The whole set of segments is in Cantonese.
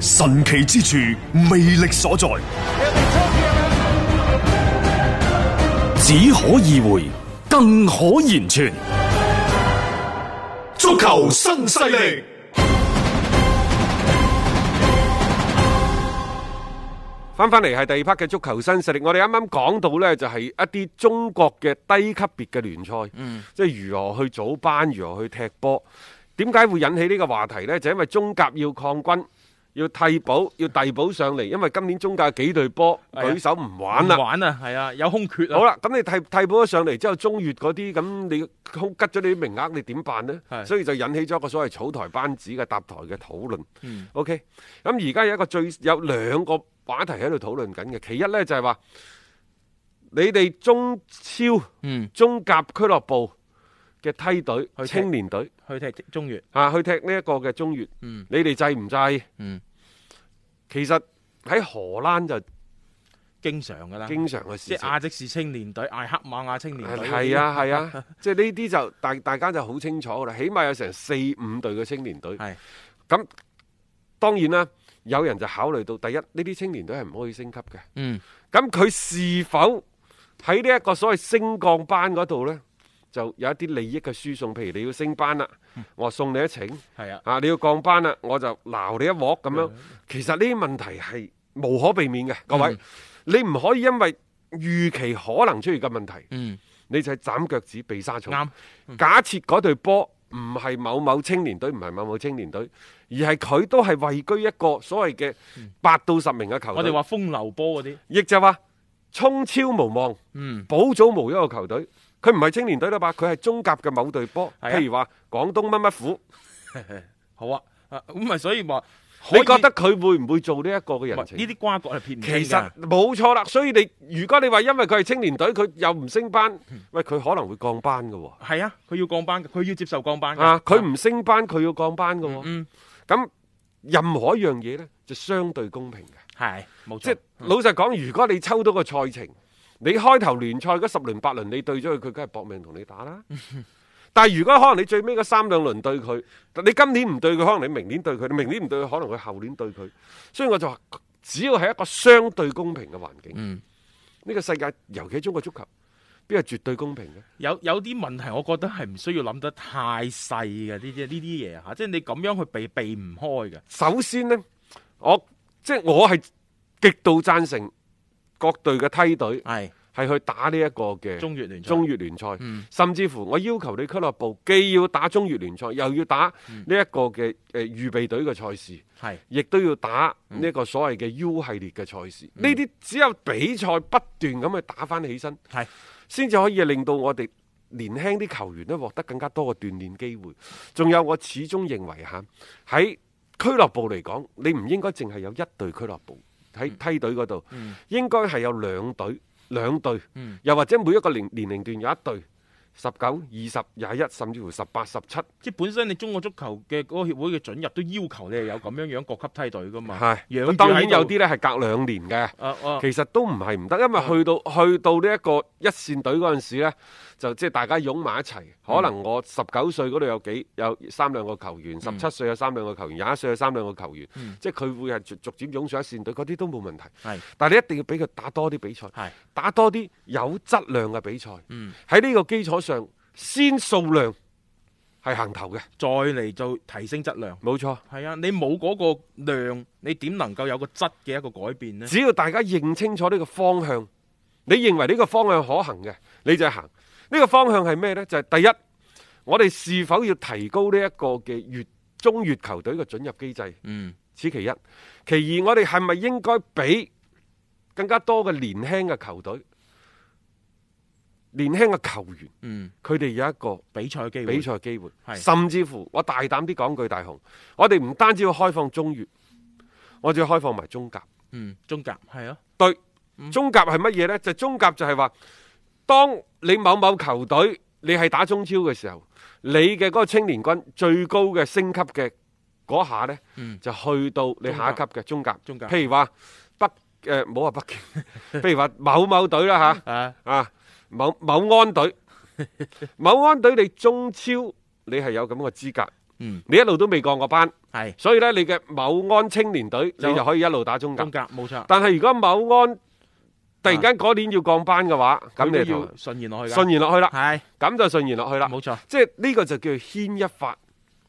神奇之處，魅力所在，只可意會，更可言傳。足球新勢力，翻翻嚟係第二 part 嘅足球新勢力。我哋啱啱講到呢，就係一啲中國嘅低級別嘅聯賽，嗯，即係如何去組班，如何去踢波。點解會引起呢個話題呢？就因為中甲要抗軍。要替補要遞補上嚟，因為今年中甲幾隊波、哎、舉手唔玩啦，玩啊，係啊，有空缺啊。好啦，咁你替替補咗上嚟之後，中越嗰啲咁你空拮咗你啲名額，你點辦呢？所以就引起咗一個所謂草台班子嘅搭台嘅討論。OK 咁而家有一個最有兩個話題喺度討論緊嘅，其一呢就係話你哋中超中甲俱樂部。嗯嘅梯隊去青年隊去踢中乙啊，去踢呢一個嘅中乙，你哋制唔制？嗯，其實喺荷蘭就經常噶啦，經常嘅事。即係亞積士青年隊、艾克馬亞青年隊，係啊係啊，即係呢啲就大大家就好清楚噶啦。起碼有成四五隊嘅青年隊係咁，當然啦，有人就考慮到第一呢啲青年隊係唔可以升級嘅，嗯，咁佢是否喺呢一個所謂升降班嗰度咧？就有一啲利益嘅輸送，譬如你要升班啦、嗯，我送你一程，係啊，啊，你要降班啦，我就鬧你一鑊咁樣、啊。其實呢啲問題係無可避免嘅、嗯，各位，你唔可以因為預期可能出現嘅問題，嗯，你就斬腳趾避沙蟲。啱、嗯，假設嗰隊波唔係某某青年隊，唔係某某青年隊，而係佢都係位居一個所謂嘅八到十名嘅球隊。嗯、我哋話風流波嗰啲，亦就話衝超無望，嗯，保組無憂嘅球隊。佢唔係青年隊啦吧，佢係中甲嘅某隊波、啊，譬如話廣東乜乜虎， 好啊，咁咪所以話你覺得佢會唔會做呢一個嘅人情？呢啲瓜葛係騙人，其實冇錯啦。所以你如果你話因為佢係青年隊，佢又唔升班，喂、嗯，佢可能會降班噶喎、哦。係啊，佢要降班，佢要接受降班啊。佢唔升班，佢要降班噶喎、哦。嗯，咁、嗯、任何一樣嘢咧，就相對公平嘅。係，冇錯。即、就、係、是嗯、老實講，如果你抽到個賽程。你開頭聯賽嗰十輪八輪，你對咗佢，佢梗係搏命同你打啦。 但係如果可能，你最尾嗰三兩輪對佢，你今年唔對佢，可能你明年對佢，你明年唔對佢，可能佢後年對佢。所以我就話，只要係一個相對公平嘅環境，嗯、呢個世界，尤其中國足球，邊係絕對公平嘅？有有啲問題，我覺得係唔需要諗得太細嘅呢啲呢啲嘢吓，即係你咁樣去避避唔開嘅。首先呢，我即係我係極度贊成。各隊嘅梯隊係去打呢一個嘅中越聯賽，甚至乎我要求你俱樂部既要打中越聯賽，又要打呢一個嘅誒預備隊嘅賽事，係亦都要打呢個所謂嘅 U 系列嘅賽事。呢啲只有比賽不斷咁去打返起身，係先至可以令到我哋年輕啲球員咧獲得更加多嘅鍛鍊機會。仲有我始終認為嚇喺俱樂部嚟講，你唔應該淨係有一隊俱樂部。喺梯隊嗰度，嗯，應該係有兩隊兩隊，又或者每一個年年齡段有一隊。十九、二十、廿一，甚至乎十八、十七，即係本身你中國足球嘅個協會嘅准入都要求你係有咁樣樣各級梯隊噶嘛？係，當然有啲咧係隔兩年嘅、呃呃，其實都唔係唔得，因為去到、呃、去到呢一個一線隊嗰陣時咧，就即係大家湧埋一齊、嗯。可能我十九歲嗰度有幾有三兩個球員，十、嗯、七歲有三兩個球員，廿一歲有三兩個球員，嗯、即係佢會係逐逐漸湧上一線隊，嗰啲都冇問題。係，但係你一定要俾佢打多啲比賽，係打多啲有質量嘅比賽。嗯，喺呢個基礎上。上先數量係行頭嘅，再嚟做提升質量。冇錯，係啊！你冇嗰個量，你點能夠有個質嘅一個改變呢？只要大家認清楚呢個方向，你認為呢個方向可行嘅，你就行。呢、這個方向係咩呢？就係、是、第一，我哋是否要提高呢一個嘅乙中乙球隊嘅準入機制？嗯，此其一。其二，我哋係咪應該俾更加多嘅年輕嘅球隊？年輕嘅球員，嗯，佢哋有一個比賽嘅機會，比賽嘅機會，係甚至乎我大膽啲講句大，大雄，我哋唔單止要開放中乙，我哋要開放埋中甲，嗯，中甲係咯，對、嗯，中甲係乜嘢咧？就中甲就係話，當你某某球隊你係打中超嘅時候，你嘅嗰個青年軍最高嘅升級嘅嗰下咧、嗯，就去到你下一級嘅中甲，中甲，譬如話北誒，唔好話北京，譬 如話某某隊啦吓，啊啊。啊某某安隊，某安隊你中超你係有咁嘅資格，嗯，你一路都未降過班，係，所以咧你嘅某安青年隊你就可以一路打中甲，中甲冇錯。但係如果某安突然間嗰年要降班嘅話，咁你要順延落去啦，順延落去啦，係，咁就順延落去啦，冇錯。即係呢個就叫牽一發。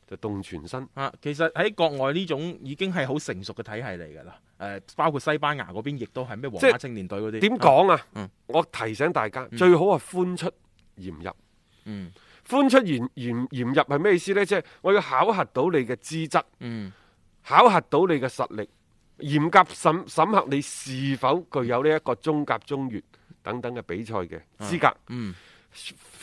就動全身啊！其實喺國外呢種已經係好成熟嘅體系嚟噶啦，誒、呃，包括西班牙嗰邊亦都係咩皇家青年隊嗰啲。點講啊，麼說啊，啊、嗯？我提醒大家、嗯、最好係寬出嚴入。嗯，寬出嚴嚴嚴入係咩意思呢？即、就、係、是、我要考核到你嘅資質。嗯，考核到你嘅實力，嚴格審審核你是否具有呢一個中甲、中乙等等嘅比賽嘅資格、啊。嗯，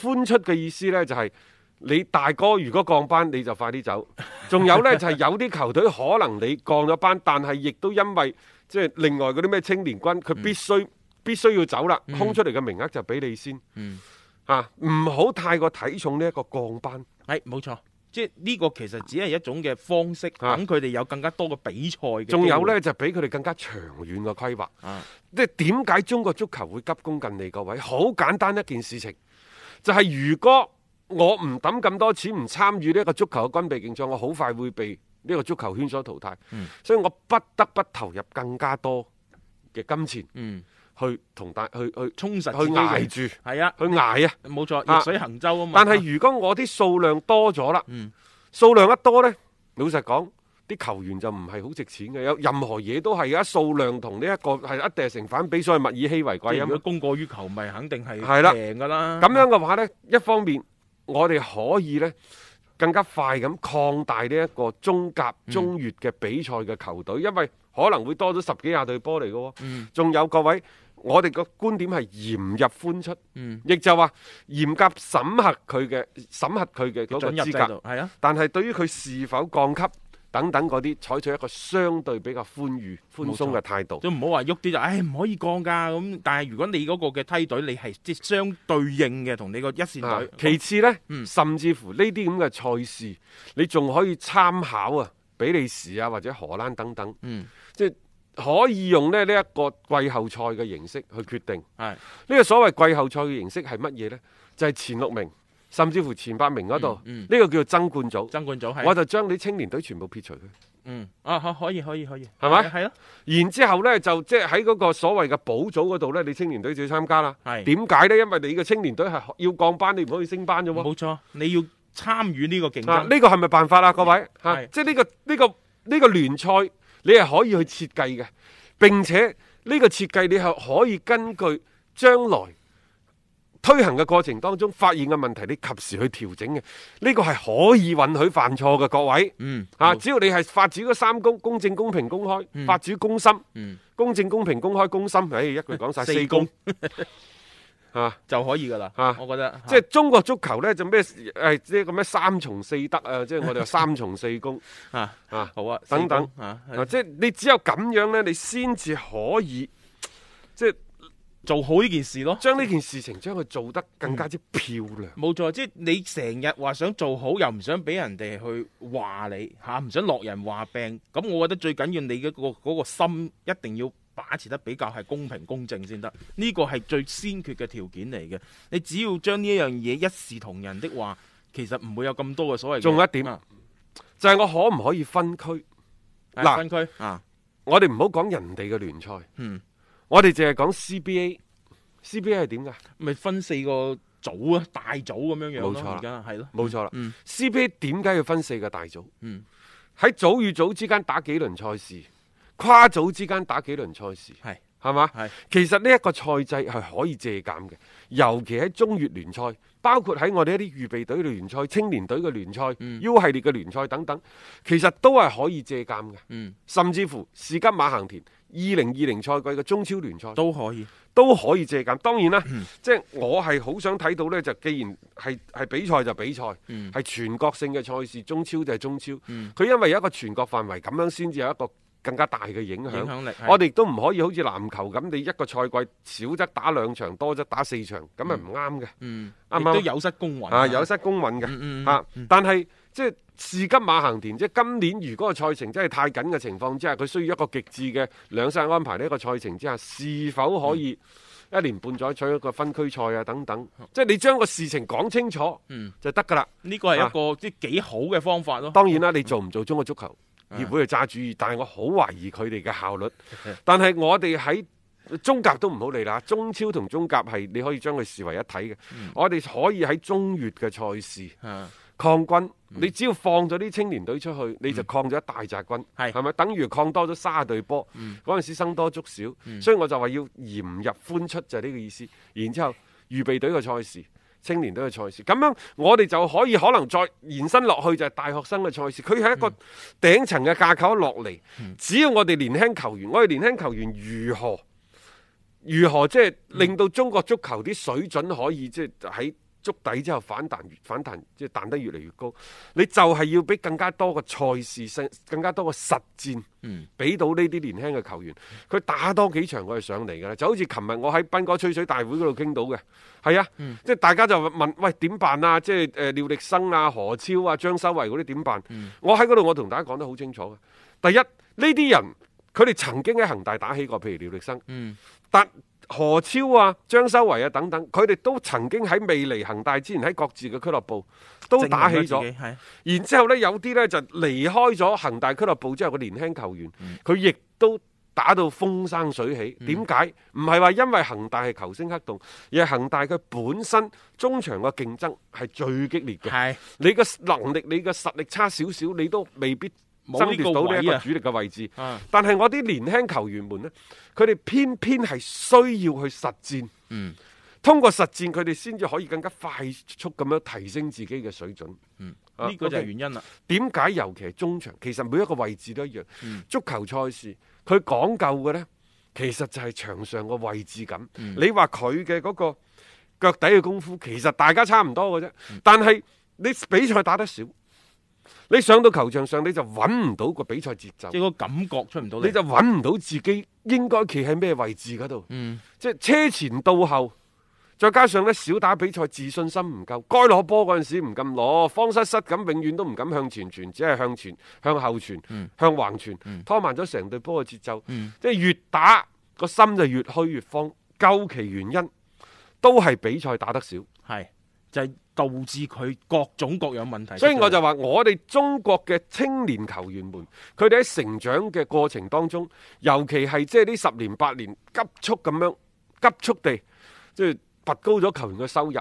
寬出嘅意思呢，就係、是。你大哥如果降班，你就快啲走。仲有呢，就係、是、有啲球隊可能你降咗班， 但係亦都因為即係、就是、另外嗰啲咩青年軍，佢必須、嗯、必須要走啦、嗯，空出嚟嘅名額就俾你先。唔、嗯、好、啊、太過睇重呢一個降班。係冇錯，即係呢個其實只係一種嘅方式，等佢哋有更加多嘅比賽。仲、啊、有呢，就俾佢哋更加長遠嘅規劃。啊，即係點解中國足球會急功近利？各位好簡單一件事情，就係、是、如果。我唔抌咁多錢，唔參與呢一個足球嘅軍備競賽，我好快會被呢個足球圈所淘汰。所以我不得不投入更加多嘅金錢，去同大去去充實，去挨住，係啊，去挨啊，冇錯，逆水行舟啊嘛。但係如果我啲數量多咗啦，數量一多咧，老實講，啲球員就唔係好值錢嘅。有任何嘢都係一數量同呢一個係一定成反比，所以物以稀為貴。如果供過於求，肯定係係啦，贏㗎啦。咁樣嘅話咧，一方面。我哋可以呢更加快咁擴大呢一個中甲、中乙嘅比賽嘅球隊，嗯，因為可能會多咗十幾廿隊波嚟嘅喎。仲、嗯、有各位，我哋個觀點係嚴入寬出，亦、嗯、就話嚴格審核佢嘅審核佢嘅嗰個資格，係啊、但係對於佢是否降級，等等嗰啲採取一個相對比較寬裕、寬鬆嘅態度，都唔好話喐啲就不要說點，唉、哎、唔可以降㗎咁。但係如果你嗰個嘅梯隊，你係即相對應嘅同你個一線隊、啊。其次呢，嗯、甚至乎呢啲咁嘅賽事，你仲可以參考啊比利時啊或者荷蘭等等，嗯，即可以用咧呢一個季後賽嘅形式去決定。係呢、呢個所謂季後賽嘅形式係乜嘢呢？就係、係、前六名。甚至乎前八名嗰度，呢、嗯嗯這個叫做爭冠組。爭冠組係，我就將你青年隊全部撇除佢。嗯，啊好，可以可以可以，係咪？係咯。然之後呢，就即係喺嗰個所謂嘅補組嗰度呢，你青年隊就要參加啦。係，點解呢，因為你依個青年隊係要降班，你唔可以升班啫。冇錯，你要參與呢個競爭。呢、啊這個係咪辦法啊？各位，吓、啊，即係、這、呢個呢、這個呢、這個聯賽，你係可以去設計嘅，並且呢個設計你係可以根據將來。推行嘅過程當中發現嘅問題，你及時去調整嘅，呢個係可以允許犯錯嘅。各位，嗯啊，只要你係發展咗三公，公正公平公開，嗯、發展公心、嗯，公正公平公開公心，唉、哎，一句講晒四公啊， 就可以噶啦。啊，我覺得即係、就是、中國足球呢，就咩誒呢咁咩三從四德啊，即 係我哋三從四公啊 啊，好啊，等等即係、啊啊啊就是、你只有咁樣呢，你先至可以即係。 做好呢件事咯，將呢件事情將佢做得更加之漂亮。冇、嗯、錯，即係、就是、你成日話想做好，又唔想俾人哋去話你吓，唔、啊、想落人話病。咁我覺得最緊要你嗰個、那個嗰個、那個心一定要把持得比較係公平公正先得。呢個係最先決嘅條件嚟嘅。你只要將呢一樣嘢一視同仁的話，其實唔會有咁多嘅所謂。仲有一點啊，就係、是、我可唔可以分區？嗱、啊，分區啊，我哋唔好講人哋嘅聯賽。嗯。我哋淨係講 CBA，CBA 係點噶？咪分四個組啊，大組咁樣樣咯。而家係咯，冇錯啦。CBA 點解要分四個大組？嗯，喺組與組之間打幾輪賽事，跨組之間打幾輪賽事，係係嘛？係其實呢一個賽制係可以借鑒嘅，尤其喺中乙聯賽，包括喺我哋一啲預備隊嘅聯賽、青年隊嘅聯賽、嗯、U 系列嘅聯賽等等，其實都係可以借鑒嘅。嗯，甚至乎，士急馬行田。二零二零賽季嘅中超聯賽都可以，都可以借鑒。當然啦，即、嗯、係、就係、我係好想睇到呢，就既然係係比賽就比賽，係、嗯、全國性嘅賽事，中超就係中超。佢、嗯、因為有一個全國範圍咁樣，先至有一個更加大嘅影響響力。我哋都唔可以好似籃球咁，你一個賽季少則打兩場，多則打四場，咁係唔啱嘅。啱唔啱？嗯、都都有失公允啊，啊，有失公允嘅。吓、嗯嗯嗯啊嗯嗯，但係。即係是今馬行田，即今年。如果個賽程真係太緊嘅情況之下，佢需要一個極致嘅兩三安排呢個賽程之下，是否可以一年半載取一個分區賽啊？等等。嗯、即係你將個事情講清楚就可以了，就得噶啦。呢個係一個啲幾好嘅方法咯、啊。當然啦，你做唔做中國足球協會嘅揸主意？嗯、但係我好懷疑佢哋嘅效率。嗯、但係我哋喺中甲都唔好嚟啦。中超同中甲係你可以將佢視為一體嘅、嗯。我哋可以喺中越嘅賽事。嗯嗯抗軍，你只要放咗啲青年隊出去，你就抗咗一大紮軍，係、嗯、咪？等於抗多咗三隊波。嗰、嗯、陣時生多粥少、嗯，所以我就話要嚴入寬出就係呢個意思。然之後預備隊嘅賽事、青年隊嘅賽事，咁樣我哋就可以可能再延伸落去就係大學生嘅賽事。佢係一個頂層嘅架構落嚟、嗯，只要我哋年輕球員，我哋年輕球員如何如何即係令到中國足球啲水準可以即係喺。觸底之後反彈，越反彈即係彈得越嚟越高。你就係要俾更加多個賽事性、更加多個實戰，俾到呢啲年輕嘅球員，佢、嗯、打多幾場佢就上嚟㗎啦。就好似琴日我喺斌哥吹水大會嗰度傾到嘅，係啊，即、嗯、係大家就問：喂點辦啊？即係誒、呃、廖力生啊、何超啊、張修維嗰啲點辦？嗯、我喺嗰度我同大家講得好清楚嘅。第一呢啲人，佢哋曾經喺恒大打起過，譬如廖力生，嗯、但何超啊、張修維啊等等，佢哋都曾經喺未嚟恒大之前，喺各自嘅俱樂部都打起咗。係，然之後呢，有啲呢就離開咗恒大俱樂部之後嘅年輕球員，佢、嗯、亦都打到風生水起。點解？唔係話因為恒大係球星黑洞，而係恒大佢本身中場嘅競爭係最激烈嘅。你嘅能力、你嘅實力差少少，你都未必爭奪到呢一個主力嘅位置，啊、但係我啲年輕球員們呢，佢哋偏偏係需要去實戰，嗯、通過實戰佢哋先至可以更加快速咁樣提升自己嘅水準。呢、嗯啊，這個就係原因啦。點解尤其係中場？其實每一個位置都一樣。嗯、足球賽事佢講究嘅呢，其實就係場上個位置感、嗯。你話佢嘅嗰個腳底嘅功夫，其實大家差唔多嘅啫、嗯。但係你比賽打得少。你上到球場上，你就搵唔到個比賽節奏，即係個感覺出唔到，你就搵唔到自己應該企喺咩位置嗰度。嗯，即係車前到後，再加上呢少打比賽，自信心唔夠，該攞波嗰陣時唔敢攞，慌失失咁，永遠都唔敢向前傳，只係向前、向後傳、嗯、向橫傳，嗯、拖慢咗成隊波嘅節奏。即係、嗯、越打個心就越虛越慌，究其原因都係比賽打得少。係。就係、是、導致佢各種各樣問題。所以我就話，我哋中國嘅青年球員們，佢哋喺成長嘅過程當中，尤其係即係呢十年八年，急速咁樣、急速地，即係拔高咗球員嘅收入。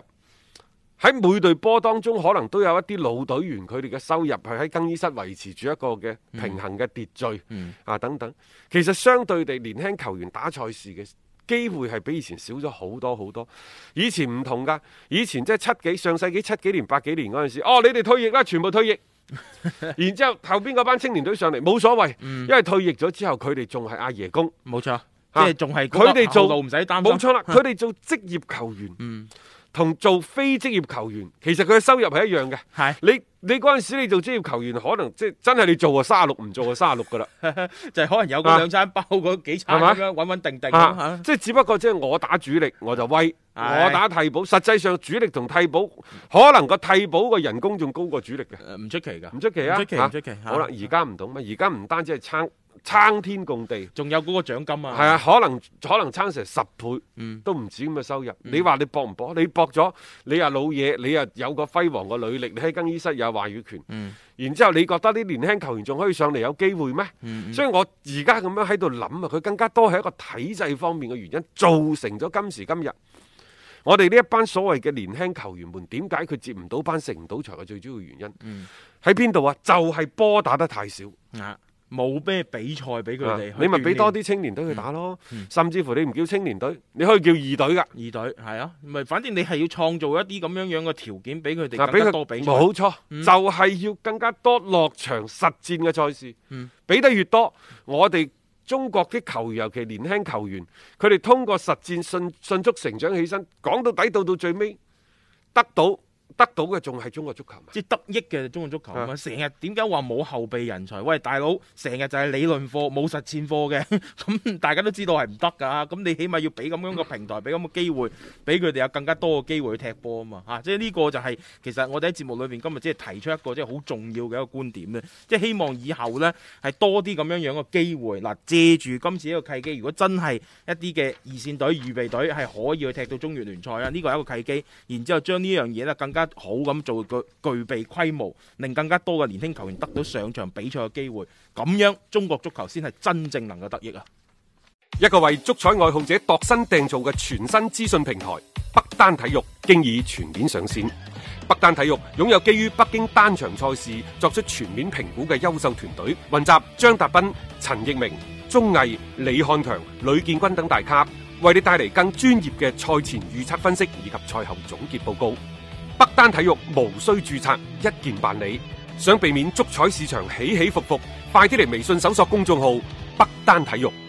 喺每隊波當中，可能都有一啲老隊員，佢哋嘅收入係喺更衣室維持住一個嘅平衡嘅秩序、嗯、啊等等。其實相對地，年輕球員打賽事嘅機會係比以前少咗好多好多，以前唔同噶，以前即係七幾上世紀七幾年八幾年嗰陣時，哦，你哋退役啦，全部退役， 然之後後邊嗰班青年隊上嚟冇所謂、嗯，因為退役咗之後佢哋仲係阿爺公。冇錯，即係仲係佢哋做，路唔使擔，冇錯啦，佢哋 做職業球員。嗯同做非職業球員，其實佢嘅收入係一樣嘅。係你，你嗰陣時你做職業球員，可能即係真係你做啊卅六，唔做啊卅六噶啦，就係可能有個兩餐包嗰，啊，幾餐咁樣穩穩定定，啊，即係只不過即係我打主力我就威，我打替補，實際上主力同替補可能個替補嘅人工仲高過主力嘅。呃、唔出奇噶，唔出奇，唔出奇，唔出奇啊，唔出奇唔出奇。好啦，而家唔同，咪而家唔單止係撐。撐天共地，仲有嗰個獎金啊！係啊，可能可能撐成十倍，嗯、都唔止咁嘅收入。你話你搏唔搏？你搏咗，你又老嘢，你又有個輝煌嘅履歷，你喺更衣室有話語權。嗯、然之後你覺得啲年輕球員仲可以上嚟有機會咩、嗯？所以我而家咁樣喺度諗啊，佢更加多係一個體制方面嘅原因造成咗今時今日，我哋呢一班所謂嘅年輕球員們點解佢接唔到班、食唔到場嘅最主要原因？喺邊度啊？就係、是、波打得太少、啊。冇咩比賽俾佢哋，你咪俾多啲青年隊去打咯、嗯嗯，甚至乎你唔叫青年隊，你可以叫二隊噶。二隊係啊，唔係，反正你係要創造一啲咁樣樣嘅條件俾佢哋，俾佢多比賽冇錯、啊嗯，就係、是、要更加多落場實戰嘅賽事。俾得越多，我哋中國啲球員，尤其年輕球員，佢哋通過實戰，迅迅速成長起身。講到底，到到最尾，得到。得到嘅仲係中國足球，即係得益嘅中國足球，成日點解話冇後備人才？喂，大佬，成日就係理論課冇實踐課嘅，咁大家都知道係唔得㗎，咁你起碼要俾咁樣個平台，俾咁嘅機會，俾佢哋有更加多嘅機會去踢波啊嘛！嚇、啊，即係呢個就係、是、其實我哋喺節目裏面今日即係提出一個即係好重要嘅一個觀點咧，即係希望以後呢係多啲咁樣樣嘅機會。嗱、呃，借住今次呢個契機，如果真係一啲嘅二線隊、預備隊係可以去踢到中乙聯賽啊，呢、呢個係一個契機，然之後將呢樣嘢咧更更加好咁做，具具備規模，令更加多嘅年輕球員得到上場比賽嘅機會，咁樣中國足球先係真正能夠得益啊！一個為足彩愛好者度身訂造嘅全新資訊平台北單體育，經已全面上線。北單體育擁有基於北京單場賽事作出全面評估嘅優秀團隊，雲集張達斌、陳奕明、鍾毅、李漢強、呂建軍等大咖，為你帶嚟更專業嘅賽前預測分析以及賽後總結報告。北單體育無需注冊，一鍵辦理，想避免足彩市場起起伏伏，快啲嚟微信搜索公眾號北單體育。